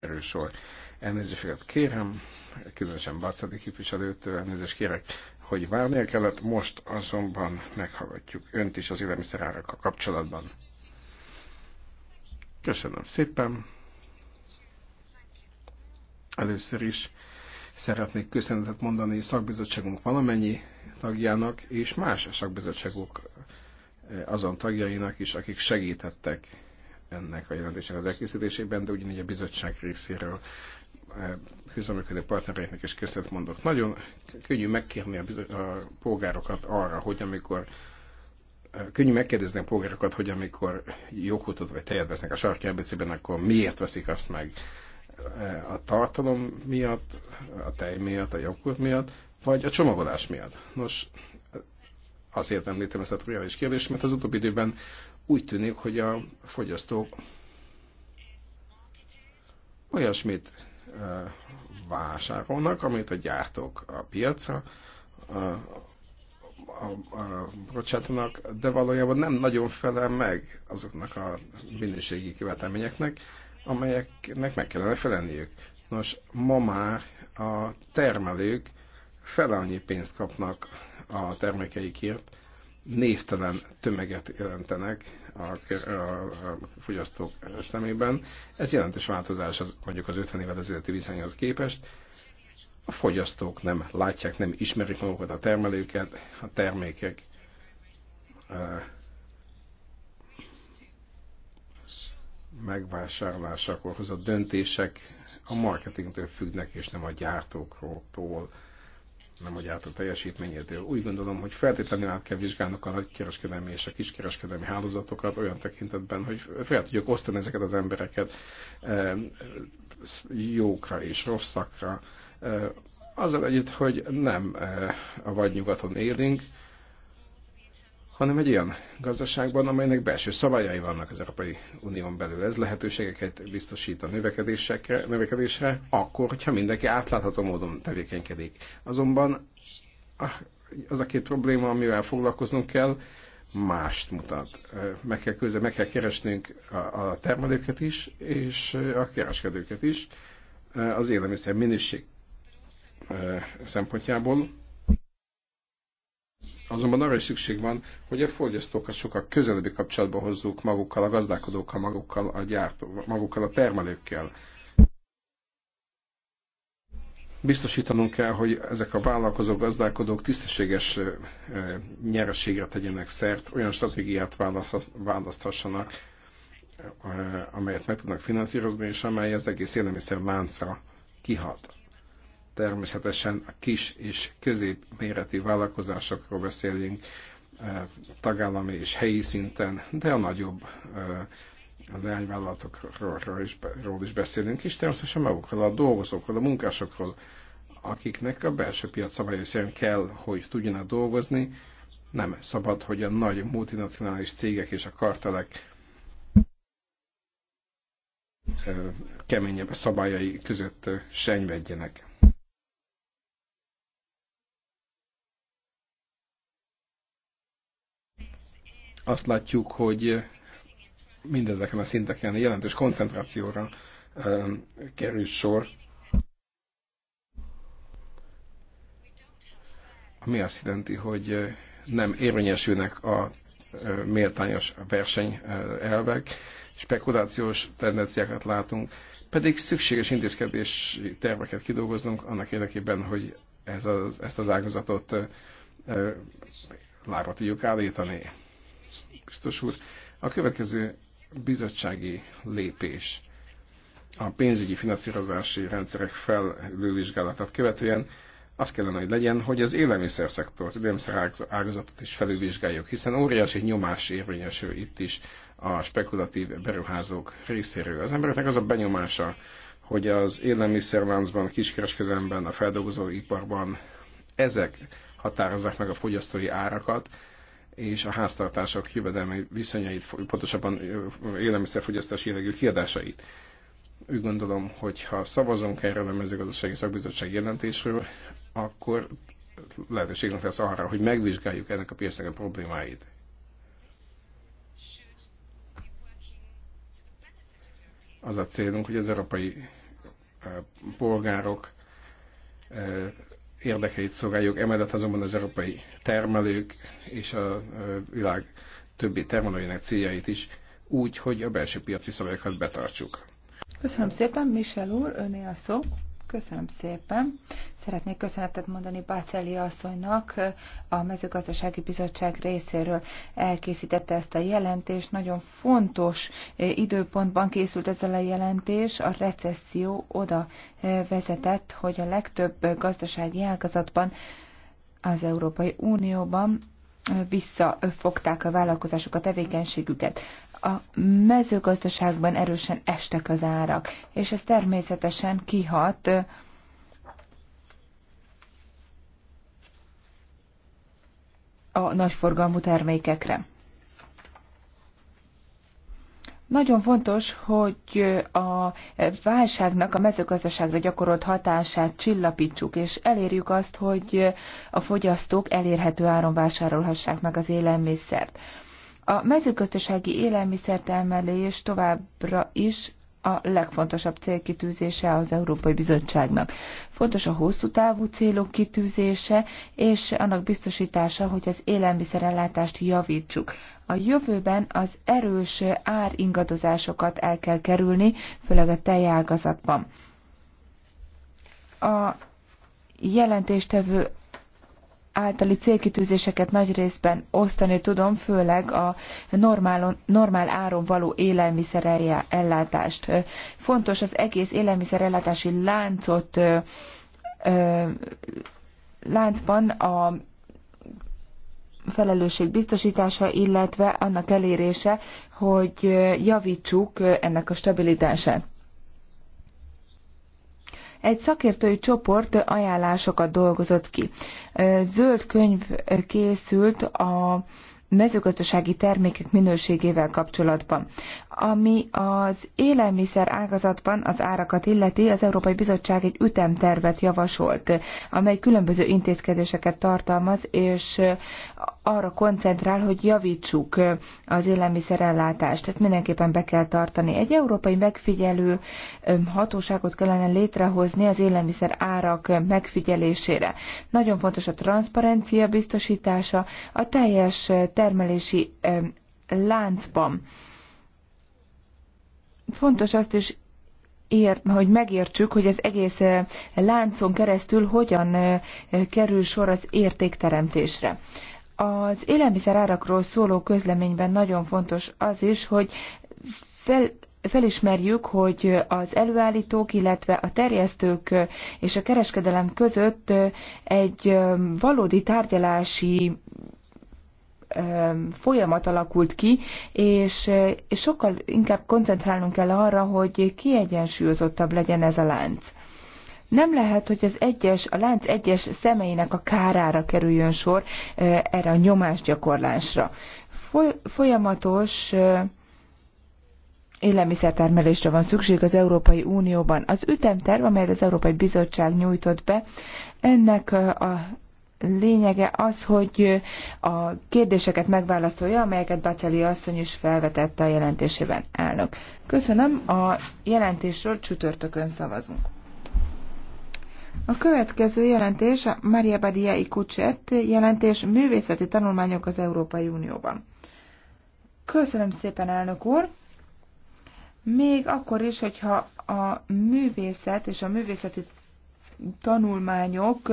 erről szól. Elnézést kérem, különösen Bacadi képviselőtől elnézést kérek, hogy várnia kellett, most azonban meghallgatjuk önt is az élelmiszerárakkal kapcsolatban. Köszönöm szépen. Először is szeretnék köszönetet mondani szakbizottságunk valamennyi tagjának és más szakbizottságok eh, azon tagjainak is, akik segítettek ennek a jelentésnek az elkészítésében, de ugyanígy a bizottság részéről közöműködő eh, partnereiknek is köszönet mondok. Nagyon könnyű megkérni a, bizony, a polgárokat arra, hogy amikor eh, könnyű megkérdezni a polgárokat, hogy amikor joghurtot vagy tejet vesznek a sarkjelbecében, akkor miért veszik azt meg eh, a tartalom miatt, a tej miatt, a joghurt miatt, vagy a csomagolás miatt. Nos, Azért említem ezt a triális kérdést, mert az utóbbi időben úgy tűnik, hogy a fogyasztók olyasmit vásárolnak, amit a gyártók a piacra a, a, a, bocsátanak, de valójában nem nagyon felel meg azoknak a minőségi követelményeknek, amelyeknek meg kellene felelniük. Nos, ma már a termelők fel annyi pénzt kapnak a termékeikért névtelen tömeget jelentenek a, a, a fogyasztók szemében. Ez jelentős változás az, mondjuk az 50 évvel ezelőtti viszonyhoz képest. A fogyasztók nem látják, nem ismerik magukat a termelőket, a termékek e, megvásárlásakor hozott döntések a marketingtől függnek, és nem a gyártóktól nem hogy át a teljesítményétől. Úgy gondolom, hogy feltétlenül át kell vizsgálnunk a nagykereskedelmi és a kiskereskedelmi hálózatokat olyan tekintetben, hogy fel tudjuk osztani ezeket az embereket e, jókra és rosszakra, e, azzal együtt, hogy nem e, a vagy nyugaton élünk, hanem egy olyan gazdaságban, amelynek belső szabályai vannak az Európai Unión belül. Ez lehetőségeket biztosít a növekedésekre, növekedésre, akkor, hogyha mindenki átlátható módon tevékenykedik. Azonban az a két probléma, amivel foglalkoznunk kell, mást mutat. Meg kell közben, meg kell keresnünk a termelőket is, és a kereskedőket is az élelmiszer minőség szempontjából, Azonban arra is szükség van, hogy a fogyasztókat sokkal közelebbi kapcsolatba hozzuk magukkal, a gazdálkodókkal, magukkal a gyártó, magukkal a termelőkkel. Biztosítanunk kell, hogy ezek a vállalkozó gazdálkodók tisztességes nyereségre tegyenek szert, olyan stratégiát választhassanak, amelyet meg tudnak finanszírozni, és amely az egész élelmiszer láncra kihat természetesen a kis és középméretű vállalkozásokról beszélünk eh, tagállami és helyi szinten, de a nagyobb eh, leányvállalatokról is, is beszélünk, és természetesen magukról, a dolgozókról, a munkásokról, akiknek a belső piac szabályai szerint kell, hogy tudjanak dolgozni, nem szabad, hogy a nagy multinacionális cégek és a kartelek eh, keményebb szabályai között senyvedjenek. azt látjuk, hogy mindezeken a szinteken jelentős koncentrációra kerül sor. Ami azt jelenti, hogy nem érvényesülnek a méltányos verseny elvek, spekulációs tendenciákat látunk, pedig szükséges intézkedési terveket kidolgoznunk annak érdekében, hogy ez az, ezt az ágazatot lábra tudjuk állítani biztos úr. A következő bizottsági lépés a pénzügyi finanszírozási rendszerek felülvizsgálatát követően az kellene, hogy legyen, hogy az élelmiszerszektort, élelmiszer ágazatot is felülvizsgáljuk, hiszen óriási nyomás érvényesül itt is a spekulatív beruházók részéről. Az embereknek az a benyomása, hogy az élelmiszerláncban, kiskereskedelemben, a feldolgozóiparban ezek határozzák meg a fogyasztói árakat, és a háztartások jövedelmi viszonyait, pontosabban élelmiszerfogyasztási jellegű kiadásait. Úgy gondolom, hogy ha szavazunk erre a mezőgazdasági szakbizottság jelentésről, akkor lehetőségünk lesz arra, hogy megvizsgáljuk ennek a piacnak a problémáit. Az a célunk, hogy az európai polgárok érdekeit szolgáljuk, emellett azonban az európai termelők és a világ többi termelőjének céljait is, úgy, hogy a belső piaci szabályokat betartsuk. Köszönöm szépen, Michel úr, öné a szó. Köszönöm szépen. Szeretnék köszönetet mondani Báceli asszonynak a mezőgazdasági bizottság részéről elkészítette ezt a jelentést. Nagyon fontos e, időpontban készült ez a jelentés. A recesszió oda e, vezetett, hogy a legtöbb gazdasági ágazatban az Európai Unióban visszafogták a vállalkozások a tevékenységüket. A mezőgazdaságban erősen estek az árak, és ez természetesen kihat a nagyforgalmú termékekre. Nagyon fontos, hogy a válságnak a mezőgazdaságra gyakorolt hatását csillapítsuk, és elérjük azt, hogy a fogyasztók elérhető áron vásárolhassák meg az élelmiszert. A mezőgazdasági élelmiszertelmelés továbbra is a legfontosabb célkitűzése az Európai Bizottságnak. Fontos a hosszú távú célok kitűzése, és annak biztosítása, hogy az élelmiszerellátást javítsuk. A jövőben az erős áringadozásokat el kell kerülni, főleg a tejágazatban. A jelentéstevő általi célkitűzéseket nagy részben osztani tudom, főleg a normál normál áron való élelmiszer ellátást. Fontos az egész élelmiszer ellátási láncot láncban a felelősség biztosítása, illetve annak elérése, hogy javítsuk ennek a stabilitását egy szakértői csoport ajánlásokat dolgozott ki. Zöld könyv készült a mezőgazdasági termékek minőségével kapcsolatban. Ami az élelmiszer ágazatban az árakat illeti, az Európai Bizottság egy ütemtervet javasolt, amely különböző intézkedéseket tartalmaz, és arra koncentrál, hogy javítsuk az élelmiszerellátást. Ezt mindenképpen be kell tartani. Egy európai megfigyelő hatóságot kellene létrehozni az élelmiszer árak megfigyelésére. Nagyon fontos a transzparencia biztosítása, a teljes termelési láncban. Fontos azt is ér, hogy megértsük, hogy az egész láncon keresztül hogyan kerül sor az értékteremtésre. Az élelmiszerárakról szóló közleményben nagyon fontos az is, hogy fel, felismerjük, hogy az előállítók, illetve a terjesztők és a kereskedelem között egy valódi tárgyalási folyamat alakult ki, és, és sokkal inkább koncentrálnunk kell arra, hogy kiegyensúlyozottabb legyen ez a lánc. Nem lehet, hogy az egyes, a lánc egyes szemeinek a kárára kerüljön sor erre a nyomásgyakorlásra. Folyamatos élelmiszertermelésre van szükség az Európai Unióban. Az ütemterv, amelyet az Európai Bizottság nyújtott be, ennek a lényege az, hogy a kérdéseket megválaszolja, amelyeket Baceli asszony is felvetette a jelentésében elnök. Köszönöm, a jelentésről csütörtökön szavazunk. A következő jelentés a Maria Badiai Kucset jelentés művészeti tanulmányok az Európai Unióban. Köszönöm szépen, elnök úr! Még akkor is, hogyha a művészet és a művészeti tanulmányok